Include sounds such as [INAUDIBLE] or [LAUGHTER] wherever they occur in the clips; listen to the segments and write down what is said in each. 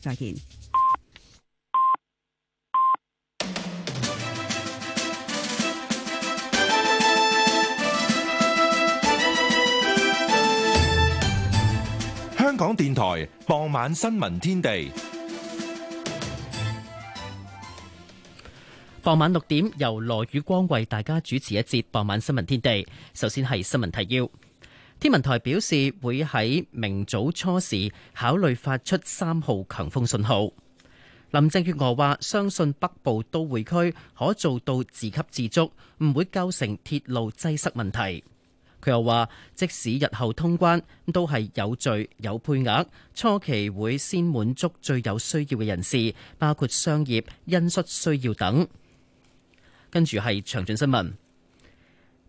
再見。香港電台傍晚新聞天地。傍晚六點，由羅宇光為大家主持一節傍晚新聞天地。首先係新聞提要。天文台表示會喺明早初時考慮發出三號強風信號。林鄭月娥話，相信北部都會區可做到自給自足，唔會構成鐵路擠塞問題。佢又話，即使日後通關都係有序有配額，初期會先滿足最有需要嘅人士，包括商業因素需要等。跟住係詳盡新聞。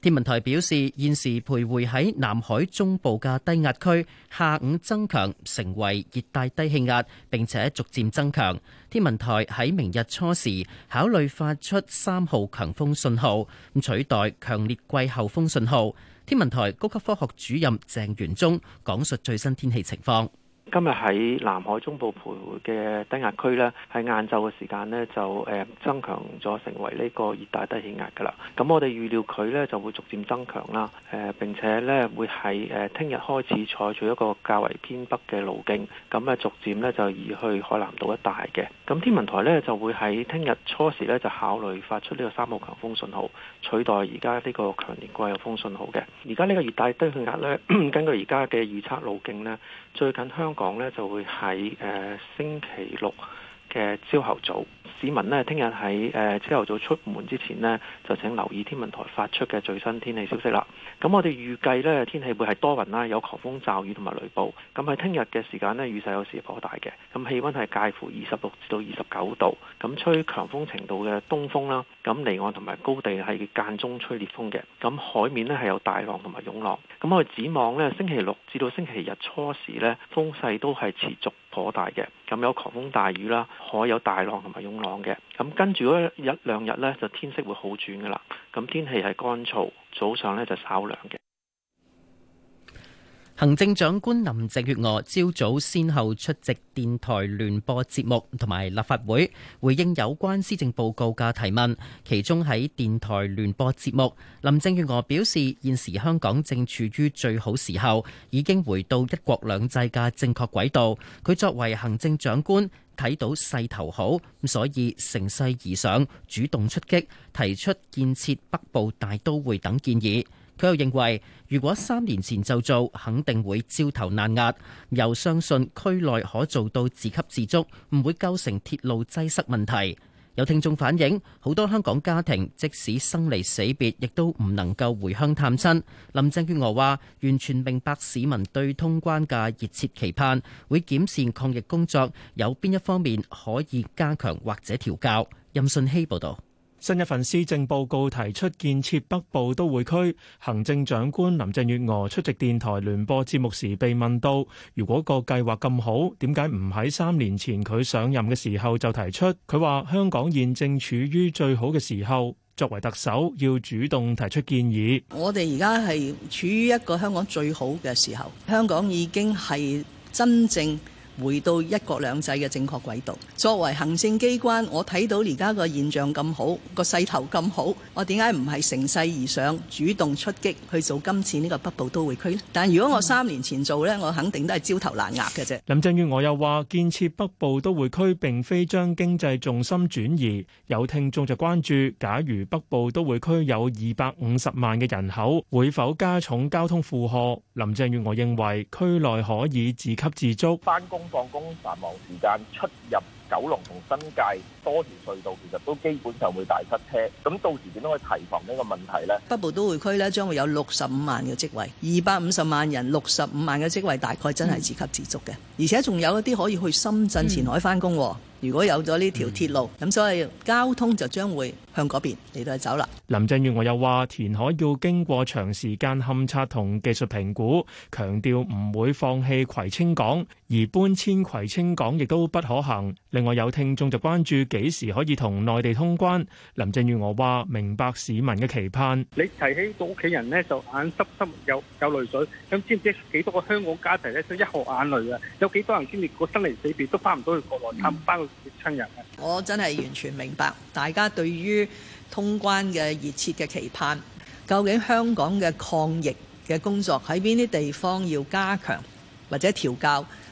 天文台表示，現時徘徊喺南海中部嘅低壓區，下午增強成為熱帶低氣壓，並且逐漸增強。天文台喺明日初時考慮發出三號強風信號，取代強烈季候風信號。天文台高級科學主任鄭元忠講述最新天氣情況。今日喺南海中部徘徊嘅低壓區呢喺晏晝嘅時間呢，就誒增強咗，成為呢個熱帶低氣壓噶啦。咁我哋預料佢呢，就會逐漸增強啦，誒、呃、並且呢，會喺誒聽日開始採取一個較為偏北嘅路徑，咁咧逐漸呢，就移去海南島一帶嘅。咁天文台呢，就會喺聽日初時呢，就考慮發出呢個三號強風信號，取代而家呢個強烈季候風信號嘅。而家呢個熱帶低氣壓呢， [COUGHS] 根據而家嘅預測路徑呢，最近香港呢，就會喺、呃、星期六嘅朝頭早。市民呢，聽日喺誒，朝、呃、頭早出門之前呢，就請留意天文台發出嘅最新天氣消息啦。咁我哋預計呢，天氣會係多雲啦，有狂風、驟雨同埋雷暴。咁喺聽日嘅時間呢，雨勢有時頗大嘅。咁氣溫係介乎二十六至到二十九度。咁吹強風程度嘅東風啦。咁離岸同埋高地係間中吹烈風嘅。咁海面呢係有大浪同埋湧浪。咁我哋展望呢，星期六至到星期日初時呢，風勢都係持續。頗大嘅，咁有狂風大雨啦，海有大浪同埋湧浪嘅，咁跟住嗰一兩日呢，就天色會好轉㗎喇，咁天氣係乾燥，早上呢就稍涼嘅。行政長官林鄭月娥朝早先後出席電台聯播節目同埋立法會，回應有關施政報告嘅提問。其中喺電台聯播節目，林鄭月娥表示，現時香港正處於最好時候，已經回到一國兩制嘅正確軌道。佢作為行政長官，睇到勢頭好，所以乘勢而上，主動出擊，提出建設北部大都會等建議。佢又認為，如果三年前就做，肯定會焦頭爛額。又相信區內可做到自給自足，唔會構成鐵路擠塞問題。有聽眾反映，好多香港家庭即使生離死別，亦都唔能夠回鄉探親。林鄭月娥話：完全明白市民對通關嘅熱切期盼，會檢視抗疫工作有邊一方面可以加強或者調校。任信希報導。新一份施政報告提出建設北部都會區，行政長官林鄭月娥出席電台聯播節目時被問到：如果個計劃咁好，點解唔喺三年前佢上任嘅時候就提出？佢話：香港現正處於最好嘅時候，作為特首要主動提出建議。我哋而家係處於一個香港最好嘅時候，香港已經係真正。回到一國兩制嘅正確軌道。作為行政機關，我睇到而家個現象咁好，個勢頭咁好，我點解唔係乘勢而上，主動出擊去做今次呢個北部都會區呢？但如果我三年前做呢，我肯定都係焦頭爛額嘅啫。林鄭月娥又話：建設北部都會區並非將經濟重心轉移。有聽眾就關注，假如北部都會區有二百五十萬嘅人口，會否加重交通負荷？林鄭月娥認為，區內可以自給自足，翻工，放工繁忙時間出入九龍同新界。多條隧道其實都基本上會大塞車，咁到時點樣去提防呢個問題呢？北部都會區呢，將會有六十五萬嘅職位，二百五十萬人，六十五萬嘅職位大概真係自給自足嘅，嗯、而且仲有一啲可以去深圳前海翻工、哦。如果有咗呢條鐵路，咁、嗯、所以交通就將會向嗰邊嚟到走啦。林鄭月娥又話，填海要經過長時間勘測同技術評估，強調唔會放棄葵青港，而搬遷葵青港亦都不可行。另外有聽眾就關注。幾時可以同內地通關？林鄭月娥話：明白市民嘅期盼。你提起到屋企人呢，就眼濕濕有有淚水。咁知唔知幾多個香港家庭呢，一河眼淚啊？有幾多人經歷過生離死別都翻唔到去國內，探翻佢親人啊？我真係完全明白大家對於通關嘅熱切嘅期盼。究竟香港嘅抗疫嘅工作喺邊啲地方要加強或者調教？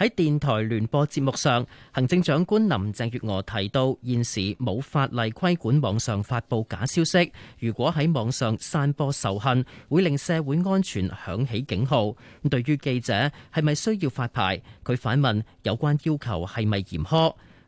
喺電台聯播節目上，行政長官林鄭月娥提到，現時冇法例規管網上發布假消息，如果喺網上散播仇恨，會令社會安全響起警號。咁對於記者，係咪需要發牌？佢反問有關要求係咪嚴苛？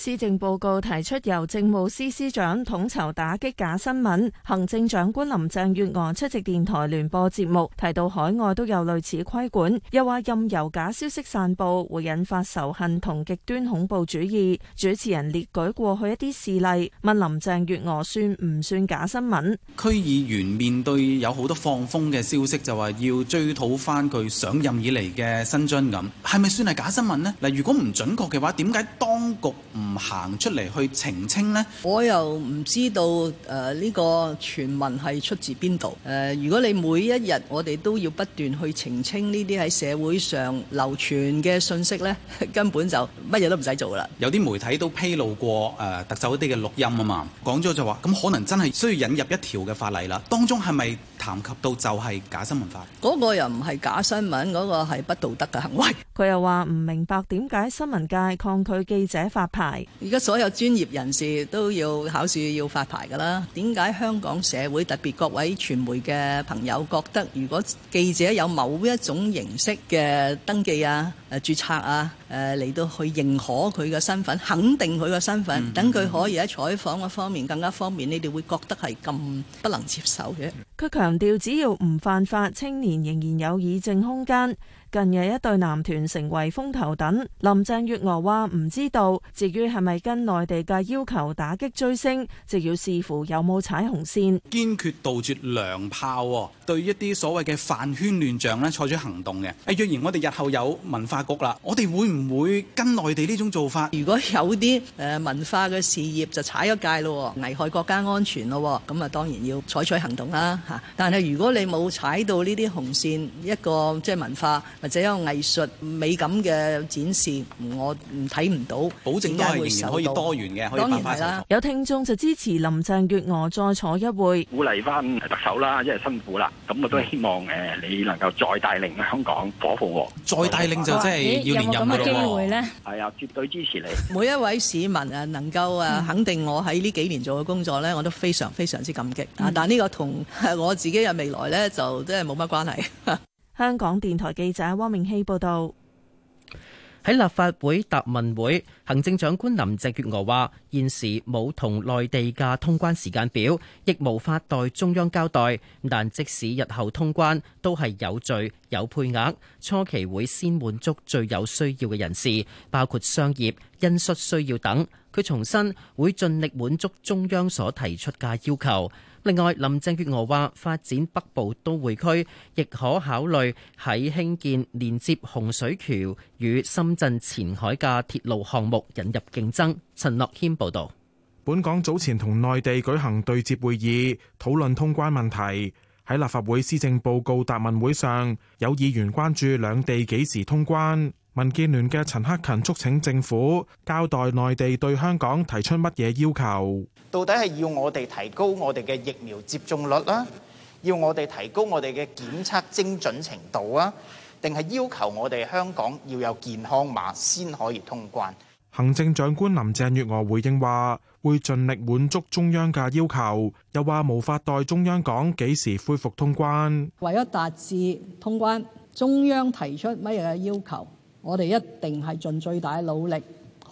施政報告提出由政務司司長統籌打擊假新聞。行政長官林鄭月娥出席電台聯播節目，提到海外都有類似規管，又話任由假消息散佈會引發仇恨同極端恐怖主義。主持人列舉過去一啲事例，問林鄭月娥算唔算假新聞？區議員面對有好多放風嘅消息，就話要追討翻佢上任以嚟嘅薪津咁，係咪算係假新聞呢？嗱，如果唔準確嘅話，點解當局唔唔行出嚟去澄清呢，我又唔知道誒呢、呃呢個傳聞係出自邊度誒。如果你每一日我哋都要不斷去澄清呢啲喺社會上流傳嘅信息呢，根本就乜嘢都唔使做啦。有啲媒體都披露過誒、呃、特首嗰啲嘅錄音啊嘛，講咗就話咁、嗯、可能真係需要引入一條嘅法例啦。當中係咪談及到就係假新聞法？嗰個又唔係假新聞嗰、嗰個係不道德嘅行為，佢又話唔明白點解新聞界抗拒記者發牌。而家所有專業人士都要考試要發牌㗎啦。點解香港社會特別各位傳媒嘅朋友覺得，如果記者有某一種形式嘅登記啊、誒、啊、註冊啊、誒、呃、嚟到去認可佢嘅身份，肯定佢嘅身份，等佢、mm hmm. 可以喺採訪嗰方面更加方便，你哋會覺得係咁不能接受嘅？佢強調，只要唔犯法，青年仍然有議政空間。近日一對男團成為風頭等。林鄭月娥話：唔知道，至於係咪跟內地嘅要求打擊追星，就要視乎有冇踩紅線。堅決杜絕良炮，對一啲所謂嘅飯圈亂象咧，採取行動嘅。若然我哋日後有文化局啦，我哋會唔會跟內地呢種做法？如果有啲誒文化嘅事業就踩一界咯，危害國家安全咯，咁啊當然要採取行動啦。嚇！但係如果你冇踩到呢啲紅線，一個即係文化或者一個藝術美感嘅展示，我唔睇唔到。保證都係仍然可以多元嘅，可以打翻上。當然係啦。有聽眾就支持林鄭月娥再坐一會。鼓勵返特首啦，因為辛苦啦，咁我都希望誒你能夠再帶領香港火紅喎。再帶領就真係要連任啦喎。有冇咁嘅機會咧？係啊，絕對支持你。每一位市民誒能夠誒肯定我喺呢幾年做嘅工作咧，我都非常非常之感激啊！但係呢個同～我自己嘅未來呢，就真係冇乜關係。 [LAUGHS] 香港電台記者汪明希報道，喺立法會答問會，行政長官林鄭月娥話，現時冇同內地嘅通關時間表，亦無法代中央交代。但即使日後通關，都係有序、有配額，初期會先滿足最有需要嘅人士，包括商業、因需需要等。佢重申會盡力滿足中央所提出嘅要求。另外，林鄭月娥話，發展北部都會區亦可考慮喺興建連接洪水橋與深圳前海嘅鐵路項目引入競爭。陳樂謙報道。本港早前同內地舉行對接會議，討論通關問題。喺立法會施政報告答問會上，有議員關注兩地幾時通關？民建聯嘅陳克勤促請政府交代內地對香港提出乜嘢要求？到底係要我哋提高我哋嘅疫苗接種率啦，要我哋提高我哋嘅檢測精準程度啊，定係要求我哋香港要有健康碼先可以通關？行政長官林鄭月娥回應話會盡力滿足中央嘅要求，又話無法代中央講幾時恢復通關。為咗達至通關，中央提出乜嘢嘅要求？我哋一定係盡最大努力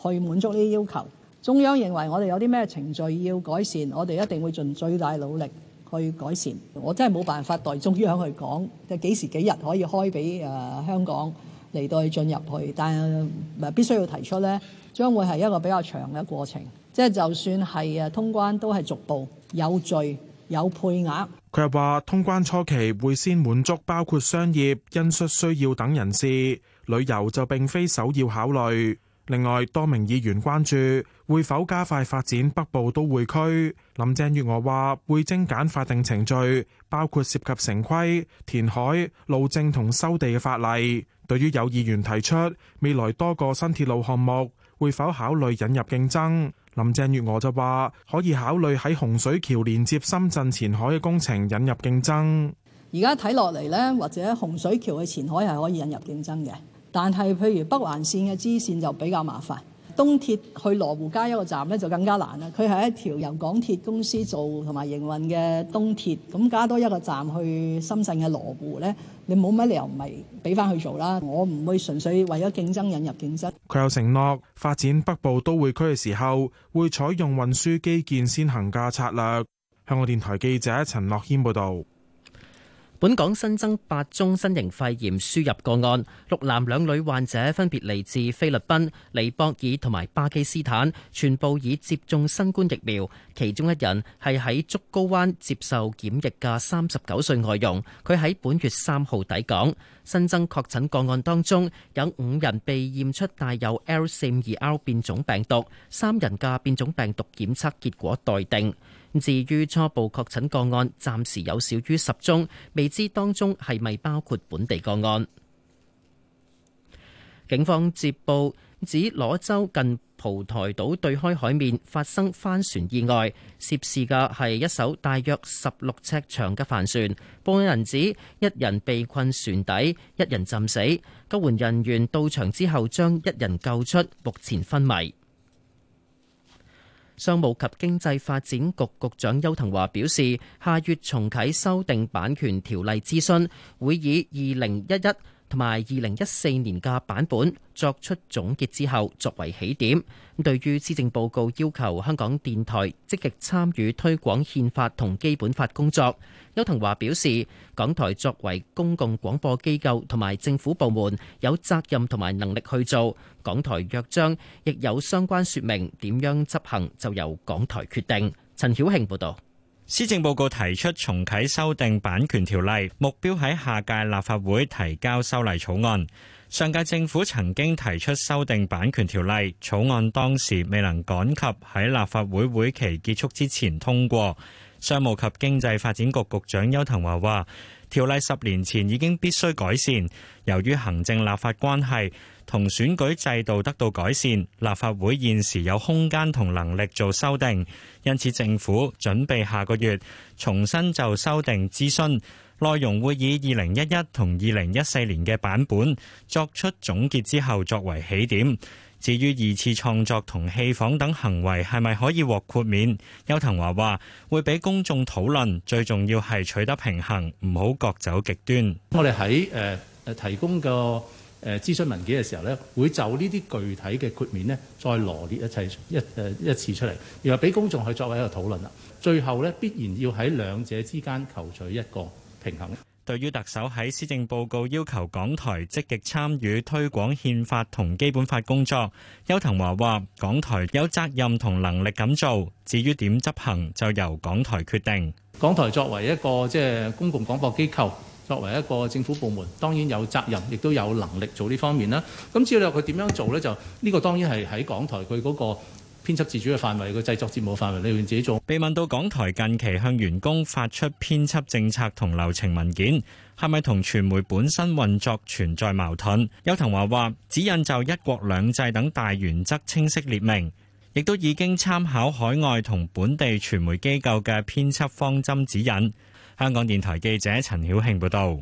去滿足呢啲要求。中央認為我哋有啲咩程序要改善，我哋一定會盡最大努力去改善。我真係冇辦法代中央去講，即幾時幾日可以開俾誒香港嚟到進入去。但係必須要提出呢，將會係一個比較長嘅過程。即係就算係誒通關，都係逐步有序有配額。佢又話，通關初期會先滿足包括商業、因需需要等人士。旅遊就並非首要考慮。另外，多名議員關注會否加快發展北部都會區。林鄭月娥話會精簡法定程序，包括涉及城規、填海、路政同收地嘅法例。對於有議員提出未來多個新鐵路項目會否考慮引入競爭，林鄭月娥就話可以考慮喺洪水橋連接深圳前海嘅工程引入競爭。而家睇落嚟呢，或者洪水橋嘅前海係可以引入競爭嘅。但係，譬如北環線嘅支線就比較麻煩，東鐵去羅湖加一個站咧就更加難啦。佢係一條由港鐵公司做同埋營運嘅東鐵，咁加多一個站去深圳嘅羅湖咧，你冇乜理由唔係俾翻去做啦。我唔會純粹為咗競爭引入競爭。佢有承諾發展北部都會區嘅時候，會採用運輸基建先行嘅策略。香港電台記者陳諾軒報導。本港新增八宗新型肺炎輸入個案，六男兩女患者分別嚟自菲律賓、尼泊爾同埋巴基斯坦，全部已接種新冠疫苗。其中一人係喺竹篙灣接受檢疫嘅三十九歲外佣，佢喺本月三號抵港。新增確診個案當中有五人被驗出帶有 L 四五二 R 變種病毒，三人嘅變種病毒檢測結果待定。至於初步確診個案，暫時有少於十宗，未知當中係咪包括本地個案。警方接報指，攞州近蒲台島對開海面發生帆船意外，涉事嘅係一艘大約十六尺長嘅帆船。報案人指一人被困船底，一人浸死。救援人員到場之後，將一人救出，目前昏迷。商務及經濟發展局局長邱騰華表示，下月重啟修訂版權條例諮詢，會以二零一一，同埋二零一四年嘅版本作出總結之後，作為起點。對於施政報告要求香港電台積極參與推廣憲法同基本法工作，邱騰華表示，港台作為公共廣播機構同埋政府部門，有責任同埋能力去做。港台約章亦有相關説明點樣執行，就由港台決定。陳曉慶報導。施政報告提出重啟修訂版權條例，目標喺下屆立法會提交修例草案。上屆政府曾經提出修訂版權條例草案，當時未能趕及喺立法會會期結束之前通過。商務及經濟發展局局長邱騰華話，條例十年前已經必須改善，由於行政立法關係，同選舉制度得到改善，立法會現時有空間同能力做修訂，因此政府準備下個月重新就修訂諮詢內容，會以二零一一同二零一四年嘅版本作出總結之後作為起點。至於二次創作同戲仿等行為係咪可以獲豁免，邱騰華話會俾公眾討論，最重要係取得平衡，唔好各走極端。我哋喺誒誒提供個誒諮詢文件嘅時候呢，會就呢啲具體嘅豁免呢，再羅列一齊一誒一次出嚟，然後俾公眾去作為一個討論啦。最後呢，必然要喺兩者之間求取一個平衡。對於特首喺施政報告要求港台積極參與推廣憲法同基本法工作，邱騰華話：港台有責任同能力咁做，至於點執行就由港台決定。港台作為一個即係、就是、公共廣播機構。作為一個政府部門，當然有責任，亦都有能力做呢方面啦。咁至於佢點樣做呢？就呢、這個當然係喺港台佢嗰個編輯自主嘅範圍，個製 [NOISE] 作節目嘅範圍，裏面自己做。被問到港台近期向員工發出編輯政策同流程文件，係咪同傳媒本身運作存在矛盾？邱騰華話：指引就一國兩制等大原則清晰列明，亦都已經參考海外同本地傳媒機構嘅編輯方針指引。香港電台記者陳曉慶報道，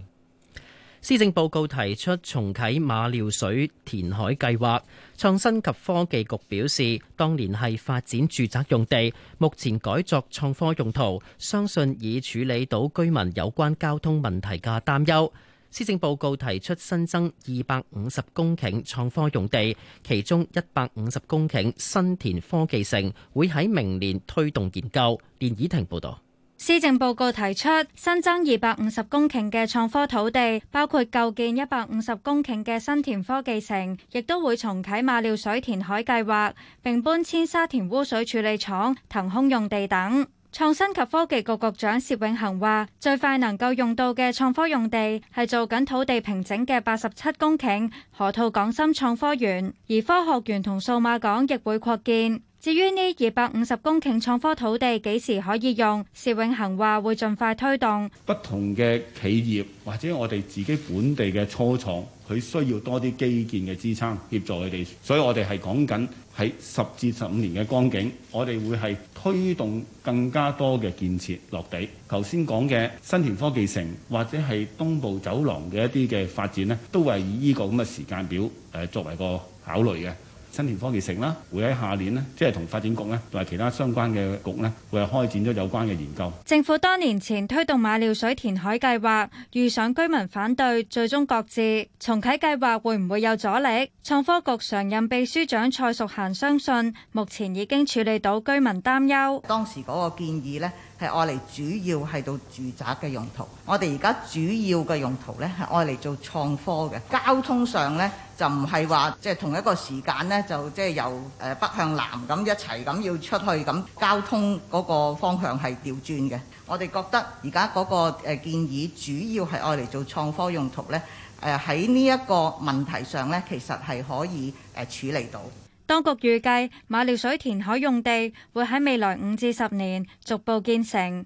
施政報告提出重啟馬料水填海計劃，創新及科技局表示，當年係發展住宅用地，目前改作創科用途，相信已處理到居民有關交通問題嘅擔憂。施政報告提出新增二百五十公頃創科用地，其中一百五十公頃新田科技城會喺明年推動研究。連綺婷報道。施政報告提出新增二百五十公頃嘅創科土地，包括構建一百五十公頃嘅新田科技城，亦都會重啟馬料水填海計劃，並搬遷沙田污水處理廠騰空用地等。創新及科技局局長薛永恆話，最快能夠用到嘅創科用地係做緊土地平整嘅八十七公頃河套港深創科園，而科學園同數碼港亦會擴建。至於呢二百五十公頃創科土地幾時可以用？薛永恆話會盡快推動不同嘅企業或者我哋自己本地嘅初創，佢需要多啲基建嘅支撐協助佢哋，所以我哋係講緊喺十至十五年嘅光景，我哋會係推動更加多嘅建設落地。頭先講嘅新田科技城或者係東部走廊嘅一啲嘅發展呢，都係以呢個咁嘅時間表誒作為一個考慮嘅。新田科技城啦，會喺下年咧，即係同發展局咧同埋其他相關嘅局咧，會係開展咗有關嘅研究。政府多年前推動馬料水填海計劃遇上居民反對，最終擱置。重啟計劃會唔會有阻力？創科局常任秘書長蔡淑嫻相信，目前已經處理到居民擔憂，當時嗰個建議咧，係愛嚟主要係到住宅嘅用途。我哋而家主要嘅用途咧，係愛嚟做創科嘅交通上咧。就唔係話，即係同一個時間咧，就即係由誒北向南咁一齊咁要出去咁，交通嗰個方向係調轉嘅。我哋覺得而家嗰個誒建議主要係愛嚟做創科用途咧，誒喺呢一個問題上咧，其實，係可以誒處理到。當局預計馬料水填海用地會喺未來五至十年逐步建成。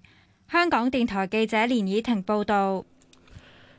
香港電台記者連以婷報道。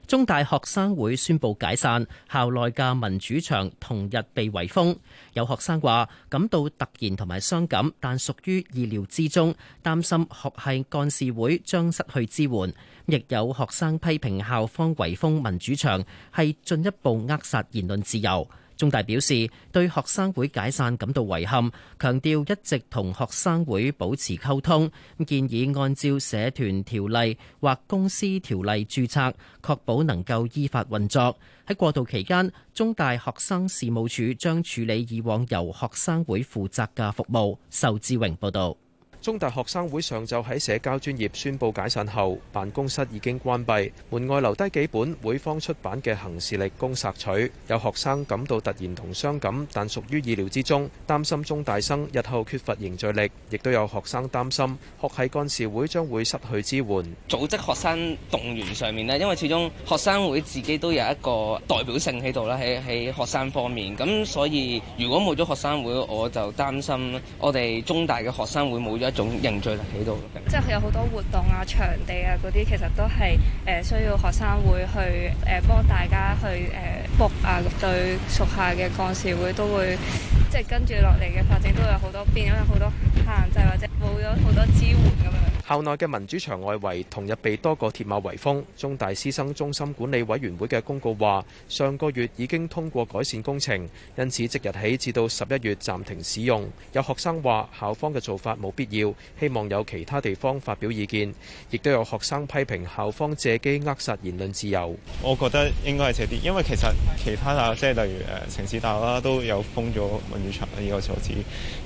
中大學生會宣布解散，校內嘅民主牆同日被圍封。有學生話感到突然同埋傷感，但屬於意料之中，擔心學系幹事會將失去支援，亦有學生批評校方圍封民主牆係進一步扼殺言論自由。中大表示對學生會解散感到遺憾，強調一直同學生會保持溝通，建議按照社團條例或公司條例註冊，確保能夠依法運作。喺過渡期間，中大學生事務處將處理以往由學生會負責嘅服務。仇志榮報道。中大學生會上晝喺社交專業宣佈解散後，辦公室已經關閉，門外留低幾本會方出版嘅行事曆供索取。有學生感到突然同傷感，但屬於意料之中。擔心中大生日後缺乏凝聚力，亦都有學生擔心學系幹事會將會失去支援。組織學生動員上面呢，因為始終學生會自己都有一個代表性喺度啦，喺喺學生方面。咁所以如果冇咗學生會，我就擔心我哋中大嘅學生會冇咗。一種凝聚力喺度，即係有好多活動啊、場地啊嗰啲，其實都係誒需要學生會去誒幫、呃、大家去誒 book、呃、啊，對屬下嘅幹事會都會即係、就是、跟住落嚟嘅發展都有好多變，因為好多限制或者冇咗好多支援咁樣。校內嘅民主牆外圍同日被多個鐵馬圍封。中大師生中心管理委員會嘅公告話：上個月已經通過改善工程，因此即日起至到十一月暫停使用。有學生話：校方嘅做法冇必要。希望有其他地方發表意見，亦都有學生批評校方借機扼殺言論自由。我覺得應該係這啲，因為其實其他啊，即係例如誒城市大學啦，都有封咗民主牆呢個措施。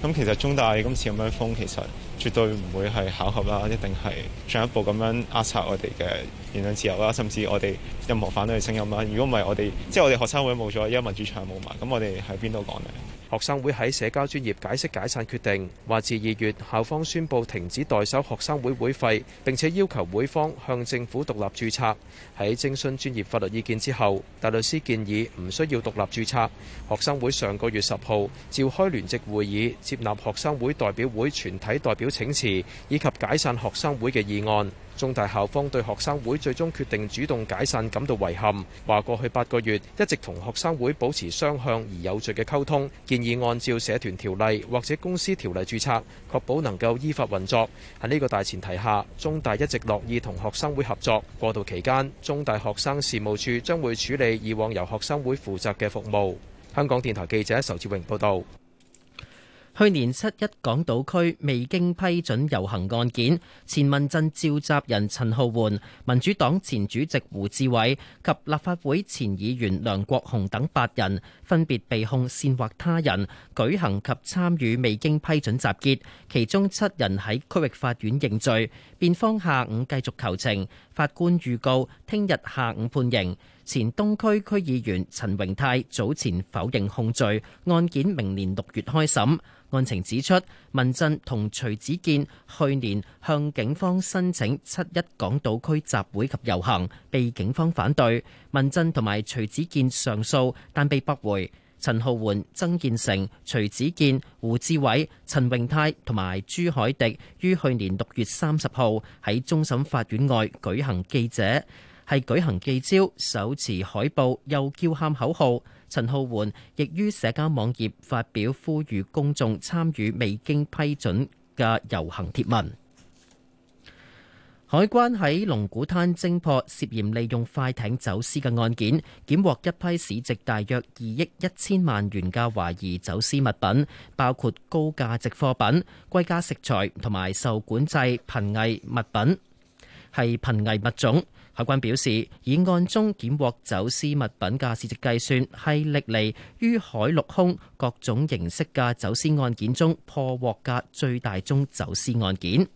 咁其實中大今次咁樣封，其實絕對唔會係巧合啦，一定係進一步咁樣扼殺我哋嘅言論自由啦，甚至我哋任何反對聲音啦。如果唔係，我哋即係我哋學生會冇咗，而家民主牆冇埋，咁我哋喺邊度講咧？學生會喺社交專業解釋解散決定，話自二月校方宣布停止代收學生會會費，並且要求會方向政府獨立註冊。喺徵詢專業法律意見之後，大律師建議唔需要獨立註冊。學生會上個月十號召開聯席會議，接納學生會代表會全體代表請辭以及解散學生會嘅議案。。中大校方對學生會最終決定主動解散感到遺憾，話過去八個月一直同學生會保持雙向而有序嘅溝通，建議按照社團條例或者公司條例注冊，確保能夠依法運作。喺呢個大前提下，中大一直樂意同學生會合作。過渡期間，中大學生事務處將會處理以往由學生會負責嘅服務。香港電台記者仇志榮報道。去年七一港島區未經批准遊行案件，前民陣召集人陳浩桓、民主黨前主席胡志偉及立法會前議員梁國雄等八人，分別被控煽惑他人舉行及參與未經批准集結，其中七人喺區域法院認罪，辯方下午繼續求情。法官預告，聽日下午判刑。前東區區議員陳榮泰早前否認控罪，案件明年六月開審。案情指出，民陣同徐子健去年向警方申請七一港島區集會及遊行，被警方反對。民陣同埋徐子健上訴，但被駁回。陳浩桓、曾健成、徐子健、胡志偉、陳永泰同埋朱海迪於去年六月三十號喺終審法院外舉行記者，係舉行記招，手持海報又叫喊口號。陳浩桓亦於社交網頁發表呼籲公眾參與未經批准嘅遊行貼文。海關喺龍鼓灘偵破涉嫌利用快艇走私嘅案件，檢獲一批市值大約二億一千萬元嘅懷疑走私物品，包括高價值貨品、歸家食材同埋受管制瀕危物品，係瀕危物種。海關表示，以案中檢獲走私物品嘅市值計算，係歷嚟於海陸空各種形式嘅走私案件中破獲嘅最大宗走私案件。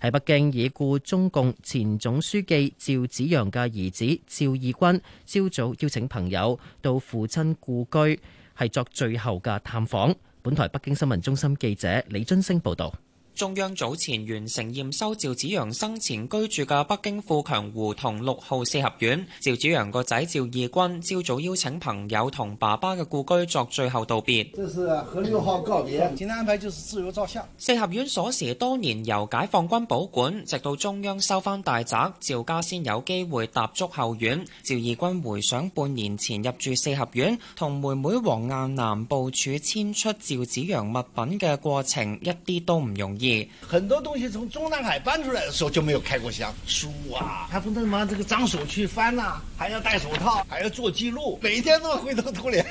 喺北京，已故中共前總書記趙紫陽嘅兒子趙義軍，朝早邀請朋友到父親故居，係作最後嘅探訪。本台北京新聞中心記者李津升報道。中央早前完成驗收趙紫陽生前居住嘅北京富強胡同六號四合院。趙紫陽個仔趙二軍朝早邀請朋友同爸爸嘅故居作最後道別。這是和六號告別，簡單安排就是自由照相。四合院鎖匙多年由解放軍保管，直到中央收翻大宅，趙家先有機會踏足後院。趙二軍回想半年前入住四合院，同妹妹王雁南部署遷出趙紫陽物品嘅過程，一啲都唔容易。很多東西從中南海搬出來的時候就沒有開過箱，書啊，還不能拿這個髒手去翻呐，還要戴手套，還要做記錄，每天都灰頭土臉。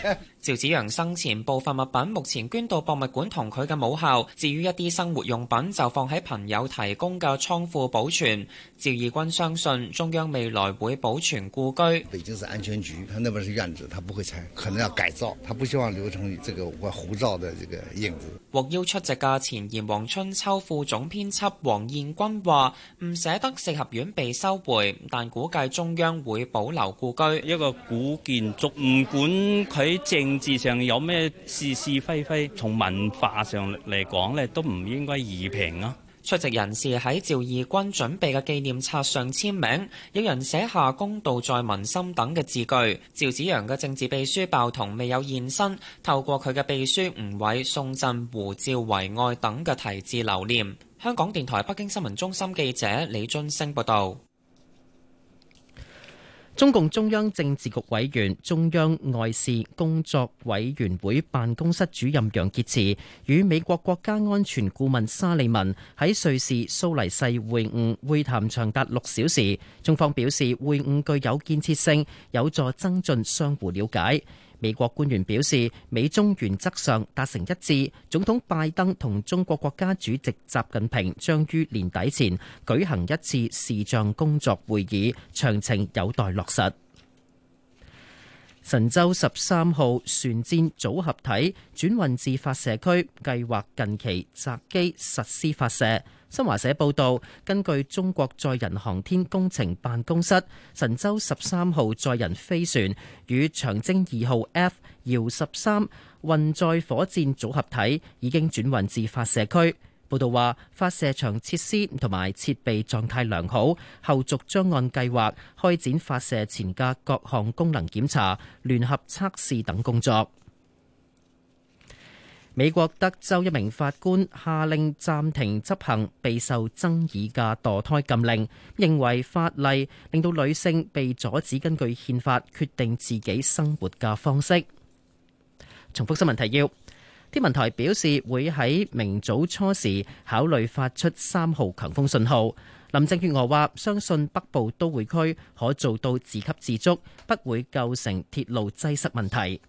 趙紫陽生前部分物品目前捐到博物館同佢嘅母校，至於一啲生活用品就放喺朋友提供嘅倉庫保存。趙義軍相信中央未來會保存故居。北京市安全局，他那邊是院子，他不會拆，可能要改造，他不希望留成這個胡照的這個印子。獲邀出席嘅前《炎黃春秋》副總編輯王燕君話：唔捨得四合院被收回，但估計中央會保留故居一個古建築，唔管佢正。政治上有咩是是非非，從文化上嚟講咧，都唔應該移評啊。出席人士喺趙義軍準備嘅紀念冊上簽名，有人寫下公道在民心等嘅字句。趙紫陽嘅政治秘書鮑彤未有現身，透過佢嘅秘書吳偉送贈胡趙為愛等嘅題字留念。香港電台北京新聞中心記者李津星報道。中共中央政治局委員、中央外事工作委員會辦公室主任楊潔篪與美國國家安全顧問沙利文喺瑞士蘇黎世會晤，會談長達六小時。中方表示，會晤具有建設性，有助增進相互了解。美國官員表示，美中原則上達成一致，總統拜登同中國國家主席習近平將於年底前舉行一次視像工作會議，詳情有待落實。神舟十三號船箭組合體轉運至發射區，計劃近期擇機實施發射。新華社報道，根據中國載人航天工程辦公室，神舟十三號載人飛船與長征二號 F 遙十三運載火箭組合體已經轉運至發射區。報道話，發射場設施同埋設備狀態良好，後續將按計劃開展發射前嘅各項功能檢查、聯合測試等工作。美國德州一名法官下令暫停執行備受爭議嘅墮胎禁令，認為法例令到女性被阻止根據憲法決定自己生活嘅方式。重複新聞提要，天文台表示會喺明早初時考慮發出三號強風信號。林鄭月娥話，相信北部都會區可做到自給自足，不會構成鐵路擠塞問題。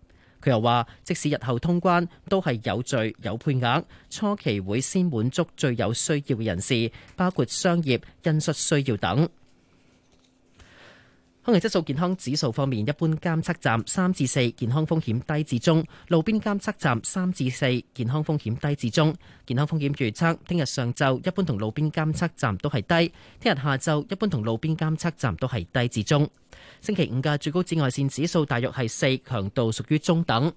又話即使日後通關都係有序有配額，初期會先滿足最有需要嘅人士，包括商業、恩恤需要等。空氣質素健康指數方面，一般監測站三至四，健康風險低至中；路邊監測站三至四，健康風險低至中。健康風險預測：聽日上晝一般同路邊監測站都係低；聽日下晝一般同路邊監測站都係低至中。星期五嘅最高紫外線指數大約係四，強度屬於中等。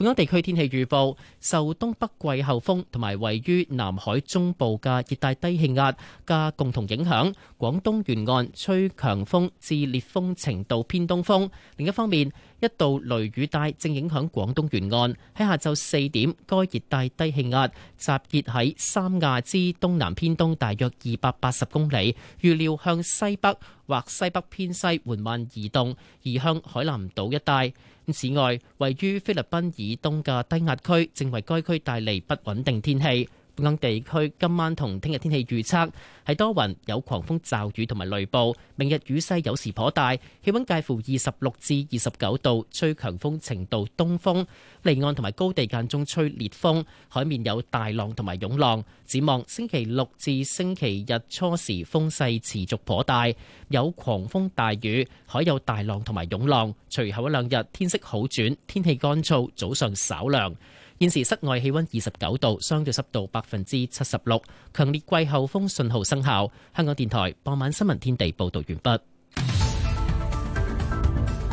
本港地區天氣預報，受東北季候風同埋位於南海中部嘅熱帶低氣壓嘅共同影響，廣東沿岸吹強風至烈風程度偏東風。另一方面，一道雷雨帶正影響廣東沿岸。喺下晝四點該熱帶，該熱帶低氣壓集結喺三亞之東南偏東大約二百八十公里，預料向西北或西北偏西緩慢移動，移向海南島一帶。此外，位於菲律賓以東嘅低壓區正為該區帶嚟不穩定天氣。本港地區今晚同聽日天氣預測係多雲，有狂風驟雨同埋雷暴。明日雨勢有時頗大，氣溫介乎二十六至二十九度，吹強風程度東風，離岸同埋高地間中吹烈風，海面有大浪同埋湧浪。展望星期六至星期日初時風勢持續頗大，有狂風大雨，海有大浪同埋湧浪。隨後一兩日天色好轉，天氣乾燥，早上稍涼。現時室外氣溫二十九度，相對濕度百分之七十六，強烈季候風信號生效。香港電台傍晚新聞天地報道完畢。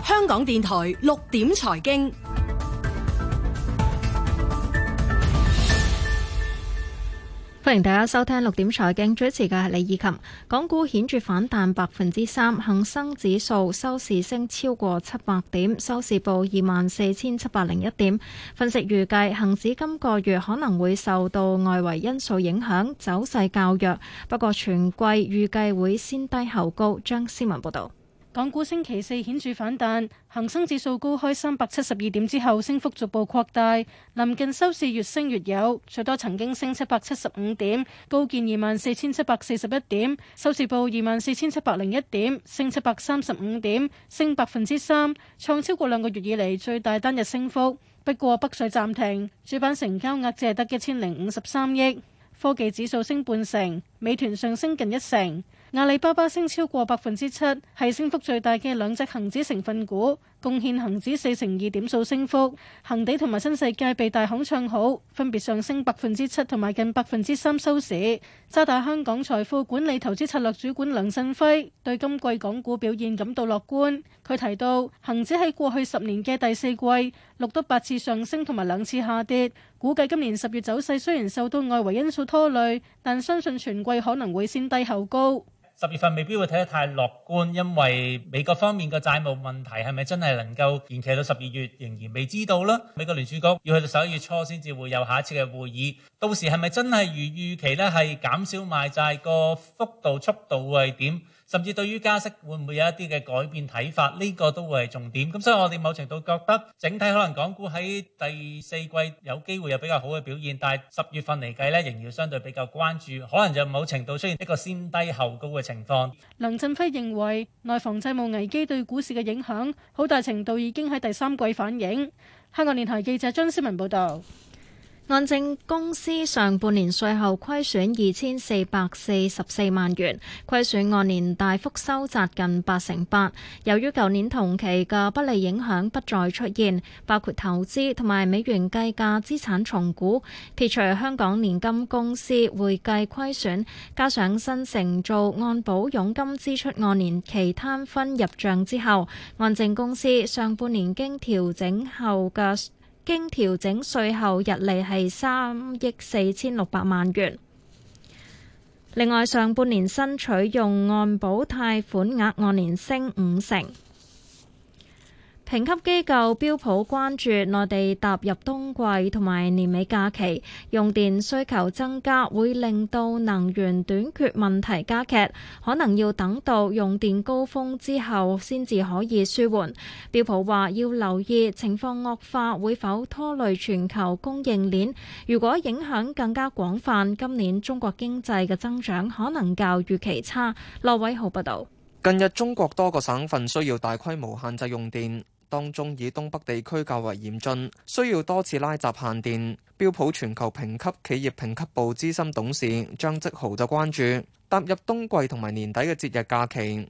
香港電台六點財經。歡迎大家收聽六點財經，主持嘅係李以琴。港股顯著反彈百分之三，恒生指數收市升超過七百點，收市報二萬四千七百零一點。分析預計，恒指今個月可能會受到外圍因素影響，走勢較弱。不過全季預計會先低後高。張思文報道。港股星期四顯著反彈，恒生指數高開三百七十二點之後，升幅逐步擴大，臨近收市越升越有，最多曾經升七百七十五點，高見二萬四千七百四十一點，收市報二萬四千七百零一點，升七百三十五點，升百分之三，創超過兩個月以嚟最大單日升幅。不過北水暫停，主板成交額只係得一千零五十三億。科技指數升半成，美團上升近一成。阿里巴巴升超過百分之七，係升幅最大嘅兩隻恆指成分股。貢獻恒指四成二點數升幅，恒地同埋新世界被大行唱好，分別上升百分之七同埋近百分之三收市。渣打香港財富管理投資策略主管梁振輝對今季港股表現感到樂觀。佢提到，恒指喺過去十年嘅第四季錄得八次上升同埋兩次下跌，估計今年十月走勢雖然受到外圍因素拖累，但相信全季可能會先低後高。十月份未必會睇得太樂觀，因為美國方面嘅債務問題係咪真係能夠延期到十二月，仍然未知道呢。美國聯儲局要去到十一月初先至會有下一次嘅會議，到時係咪真係如預期咧，係減少賣債個幅度速度會係點？甚至對於加息會唔會有一啲嘅改變睇法，呢個都會係重點。咁所以我哋某程度覺得整體可能港股喺第四季有機會有比較好嘅表現，但係十月份嚟計呢，仍然要相對比較關注，可能就某程度出現一個先低後高嘅情況。梁振輝認為內房債務危機對股市嘅影響好大程度已經喺第三季反映。香港電台記者張思文報道。按證公司上半年稅後虧損二千四百四十四萬元，虧損按年大幅收窄近八成八。由於舊年同期嘅不利影響不再出現，包括投資同埋美元計價資產重估，撇除香港年金公司會計虧損，加上新承做按保佣金支出按年期攤分入賬之後，按證公司上半年經調整後嘅。經調整稅後日利係三億四千六百萬元。另外，上半年新取用按保貸款額按年升五成。評級機構標普關注內地踏入冬季同埋年尾假期用電需求增加，會令到能源短缺問題加劇，可能要等到用電高峰之後先至可以舒緩。標普話要留意情況惡化會否拖累全球供應鏈。如果影響更加廣泛，今年中國經濟嘅增長可能較預期差。羅偉豪報道，近日中國多個省份需要大規模限制用電。當中以東北地區較為嚴峻，需要多次拉閘限電。標普全球評級企業評級部資深董事張積豪就關注，踏入冬季同埋年底嘅節日假期，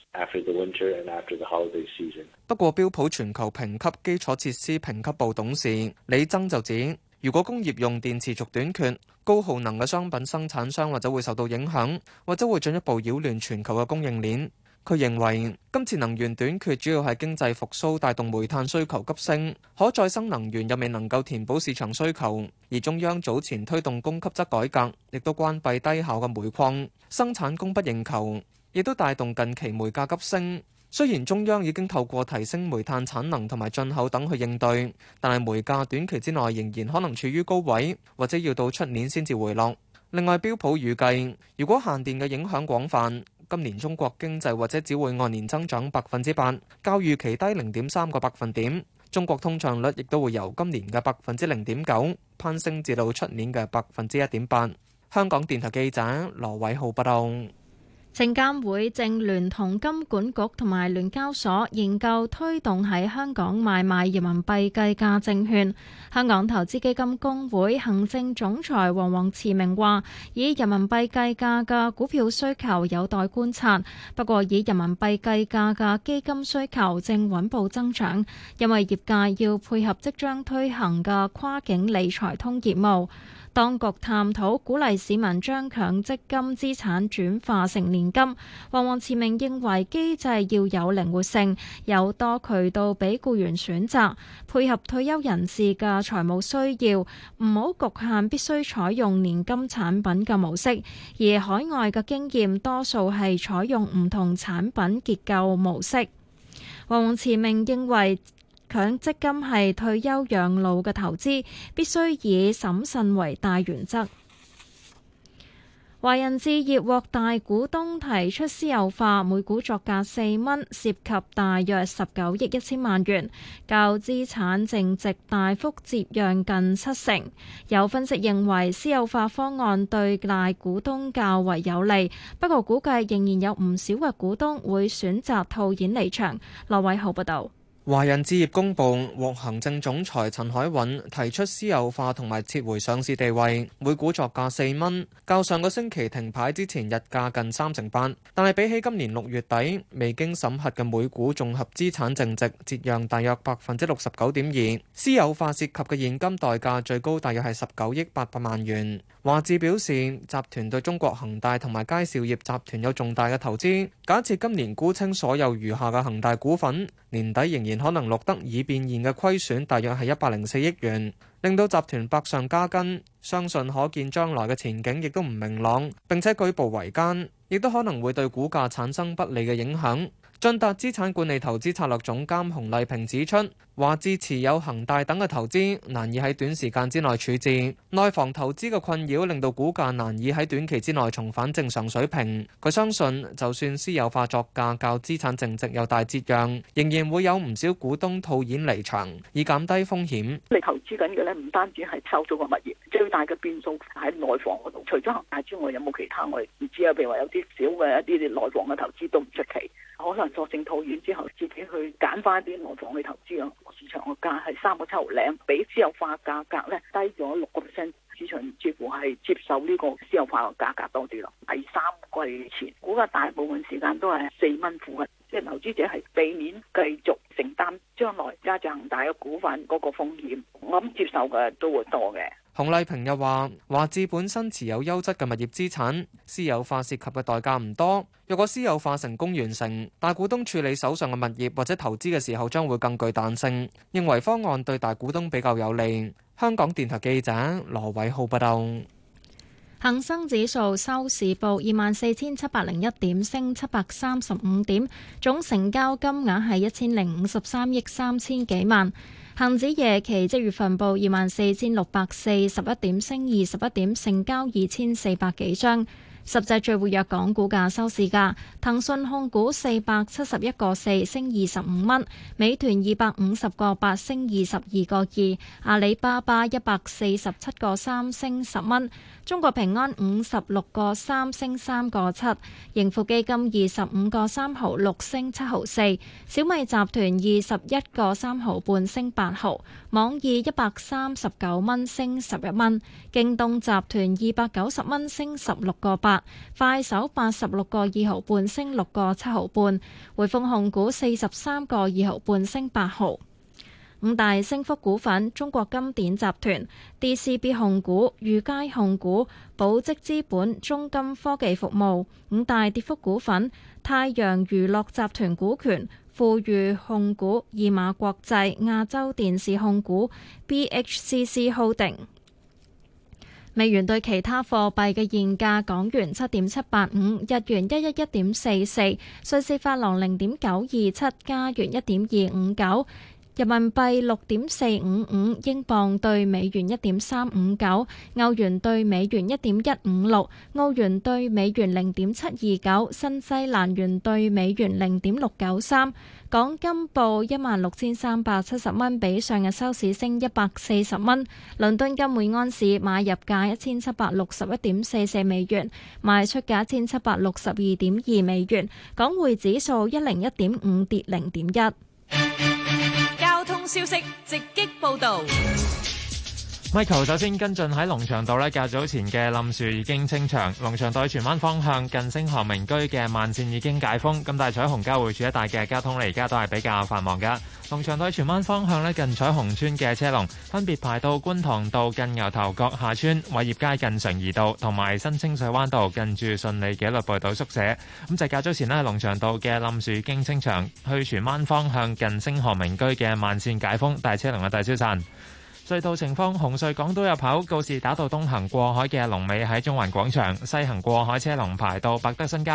不過，標普全球評級基礎設施評級部董事李增就指，如果工業用電持續短缺，高耗能嘅商品生產商或者會受到影響，或者會進一步擾亂全球嘅供應鏈。佢認為，今次能源短缺主要係經濟復甦帶動煤炭需求急升，可再生能源又未能夠填補市場需求，而中央早前推動供給側改革，亦都關閉低效嘅煤礦，生產供不應求。亦都帶動近期煤價急升。雖然中央已經透過提升煤炭產能同埋進口等去應對，但係煤價短期之內仍然可能處於高位，或者要到出年先至回落。另外，標普預計，如果限電嘅影響廣泛，今年中國經濟或者只會按年增長百分之八，較預期低零點三個百分點。中國通脹率亦都會由今年嘅百分之零點九攀升至到出年嘅百分之一點八。香港電台記者羅偉浩報道。證監會正聯同金管局同埋聯交所研究推動喺香港買賣人民幣計價證券。香港投資基金公會行政總裁黃王慈明話，以人民幣計價嘅股票需求有待觀察，不過以人民幣計價嘅基金需求正穩步增長，因為業界要配合即將推行嘅跨境理財通業務。當局探討鼓勵市民將強積金資產轉化成年金。黃王慈明認為機制要有靈活性，有多渠道俾雇員選擇，配合退休人士嘅財務需要，唔好局限必須採用年金產品嘅模式。而海外嘅經驗多數係採用唔同產品結構模式。黃王慈明認為。強積金係退休養老嘅投資，必須以審慎為大原則。華人置業獲大股東提出私有化，每股作價四蚊，涉及大約十九億一千萬元，較資產淨值大幅折讓近七成。有分析認為，私有化方案對大股東較為有利，不過估計仍然有唔少嘅股東會選擇套現離場。劉偉豪報導。華人置業公布獲行政總裁陳海韻提出私有化同埋撤回上市地位，每股作價四蚊，較上個星期停牌之前日價近三成八。但係比起今年六月底未經審核嘅每股綜合資產淨值，折讓大約百分之六十九點二。私有化涉及嘅現金代價最高大約係十九億八百萬元。華置表示，集團對中國恒大同埋佳兆業集團有重大嘅投資。假設今年沽清所有餘下嘅恒大股份，年底仍然可能錄得已變現嘅虧損，大約係一百零四億元，令到集團百上加斤。相信可見將來嘅前景亦都唔明朗，並且舉步維艱，亦都可能會對股價產生不利嘅影響。駿達資產管理投資策略總監洪麗萍指出，華智持有恒大等嘅投資難以喺短時間之內處置內房投資嘅困擾，令到股價難以喺短期之內重返正常水平。佢相信，就算私有化作價較資產淨值有大折讓，仍然會有唔少股東套現離場，以減低風險。你投資緊嘅咧，唔單止係收咗個物業，最大嘅變數喺內房嗰度。除咗恒大之外，有冇其他？我哋唔知啊。譬如話有啲少嘅一啲內房嘅投資都唔出奇。可能索性套完之後，自己去揀翻一啲內房去投資啊！市場個價係三個七毫零，比私有化價格咧低咗六個 percent，市場似乎係接受呢個私有化個價格多啲咯。第三季前，估計大部分時間都係四蚊附近，即係投資者係避免繼續承擔將來揸住恒大嘅股份嗰個風險，我諗接受嘅都會多嘅。洪麗萍又話：華智本身持有優質嘅物業資產，私有化涉及嘅代價唔多。若果私有化成功完成，大股東處理手上嘅物業或者投資嘅時候將會更具彈性。認為方案對大股東比較有利。香港電台記者羅偉浩報道。恒生指數收市報二萬四千七百零一點，升七百三十五點，總成交金額係一千零五十三億三千幾萬。恒指夜期，即月份報二萬四千六百四十一點，升二十一點，成交二千四百幾張。十隻最活躍港股價收市價，騰訊控股四百七十一個四升二十五蚊，美團二百五十個八升二十二個二，阿里巴巴一百四十七個三升十蚊，中國平安五十六個三升三個七，盈富基金二十五個三毫六升七毫四，小米集團二十一個三毫半升八毫，網易一百三十九蚊升十一蚊，京東集團二百九十蚊升十六個八。快手八十六個二毫半升六個七毫半，匯豐控股四十三個二毫半升八毫五。大升幅股份：中國金典集團、D C B 控股、御佳控股、寶積資本、中金科技服務；五大跌幅股份：太陽娛樂集團股權、富裕控股、義馬國際、亞洲電視控股、B H C C Holding。美元對其他貨幣嘅現價：港元七點七八五，日元一一一點四四，瑞士法郎零點九二七，加元一點二五九。人民幣六點四五五，英鎊兌美元一點三五九，歐元兌美元一點一五六，澳元兌美元零點七二九，新西蘭元兌美元零點六九三。港金報一萬六千三百七十蚊，比上日收市升一百四十蚊。倫敦金每安士買入價一千七百六十一點四四美元，賣出價一千七百六十二點二美元。港匯指數一零一點五跌零點一。消息直擊報道。Michael 首先跟進喺龍翔道呢，較早前嘅冧樹已經清場。龍翔道去荃灣方向近星河明居嘅慢線已經解封。咁大彩虹交匯處一帶嘅交通嚟，而家都係比較繁忙㗎。龍翔道去荃灣方向呢，近彩虹村嘅車龍分別排到觀塘道近牛頭角下村、偉業街近常怡道，同埋新清水灣道近住順利紀律部隊宿舍。咁就較早前呢，龍翔道嘅冧樹已經清場，去荃灣方向近星河明居嘅慢線解封，大車龍嘅大消散。隧道情況：紅隧港島入口告士打道東行過海嘅龍尾喺中環廣場，西行過海車龍排到百德新街；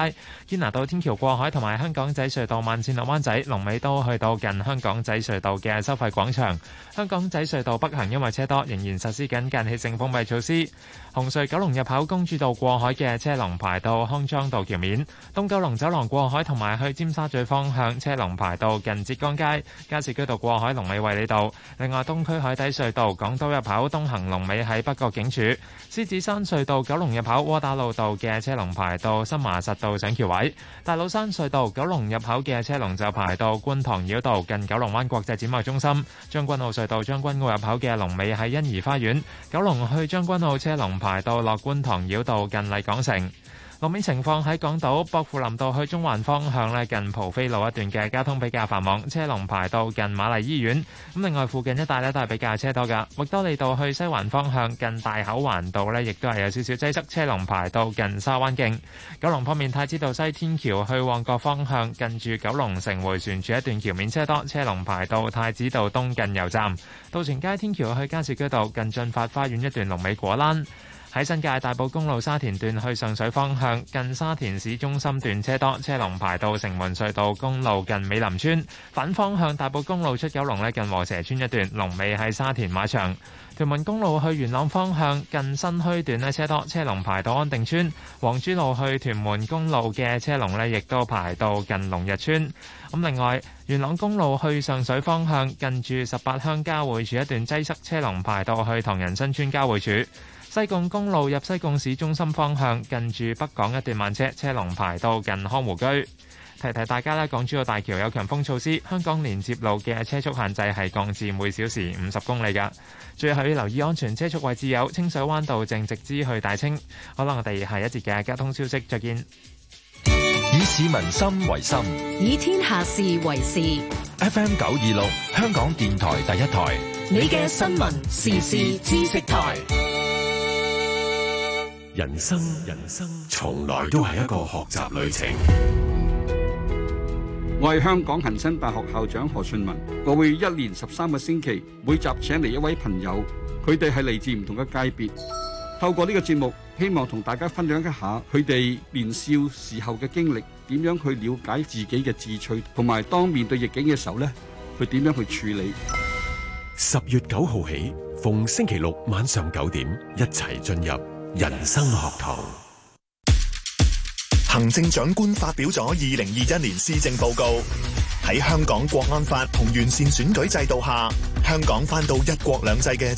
堅拿道天橋過海同埋香港仔隧道慢線落灣仔龍尾都去到近香港仔隧道嘅收費廣場。香港仔隧道北行因為車多，仍然實施緊間歇性封閉措施。紅隧九龍入口公主道過海嘅車龍排到康莊道橋面，東九龍走廊過海同埋去尖沙咀方向車龍排到近浙江街、加士居道過海龍尾衛理道。另外，東區海底隧道港島入口東行龍尾喺北角警署，獅子山隧道九龍入口窩打老道嘅車龍排到新麻石道上橋位；大老山隧道九龍入口嘅車龍就排到觀塘繞道近九龍灣國際展貿中心；將軍澳隧道將軍澳入口嘅龍尾喺欣怡花園；九龍去將軍澳車龍排到落觀塘繞道近麗港城。路面情況喺港島薄扶林道去中環方向咧，近蒲飛路一段嘅交通比較繁忙，車龍排到近瑪麗醫院。咁另外附近一帶咧都係比較車多噶。域多利道去西環方向近大口環道咧，亦都係有少少擠塞，車龍排到近沙灣徑。九龍方面，太子道西天橋去旺角方向近住九龍城迴旋處一段橋面車多，車龍排到太子道東近油站。渡船街天橋去加士居道近駿發花園一段龍尾果欄。喺新界大埔公路沙田段去上水方向，近沙田市中心段車多，車龍排到城門隧道公路近美林村。反方向大埔公路出九龍咧，近禾輋村一段，龍尾喺沙田馬場。屯門公路去元朗方向，近新墟段咧，車多，車龍排到安定村。黃珠路去屯門公路嘅車龍咧，亦都排到近龍日村。咁另外，元朗公路去上水方向，近住十八鄉交匯處一段擠塞，車龍排到去唐人新村交匯處。西貢公路入西貢市中心方向，近住北港一段慢車，車龍排到近康湖居。提提大家啦，港珠澳大橋有強風措施，香港連接路嘅車速限制係降至每小時五十公里㗎。最後要留意安全車速位置有清水灣道，正直之去大清。可能我哋下一節嘅交通消息，再見。以市民心為心，以天下事為事。FM 九二六，香港電台第一台，你嘅新聞時事知識台。人生，人生從來都係一個學習旅程。我係香港恒生大學校長何順文，我會一連十三個星期，每集請嚟一位朋友，佢哋係嚟自唔同嘅界別。透過呢個節目，希望同大家分享一下佢哋年少時候嘅經歷，點樣去了解自己嘅志趣，同埋當面對逆境嘅時候咧，佢點樣去處理。十月九號起，逢星期六晚上九點，一齊進入。人生學徒。行政長官發表咗二零二一年施政報告。喺香港國安法同完善選舉制度下，香港返到一國兩制嘅。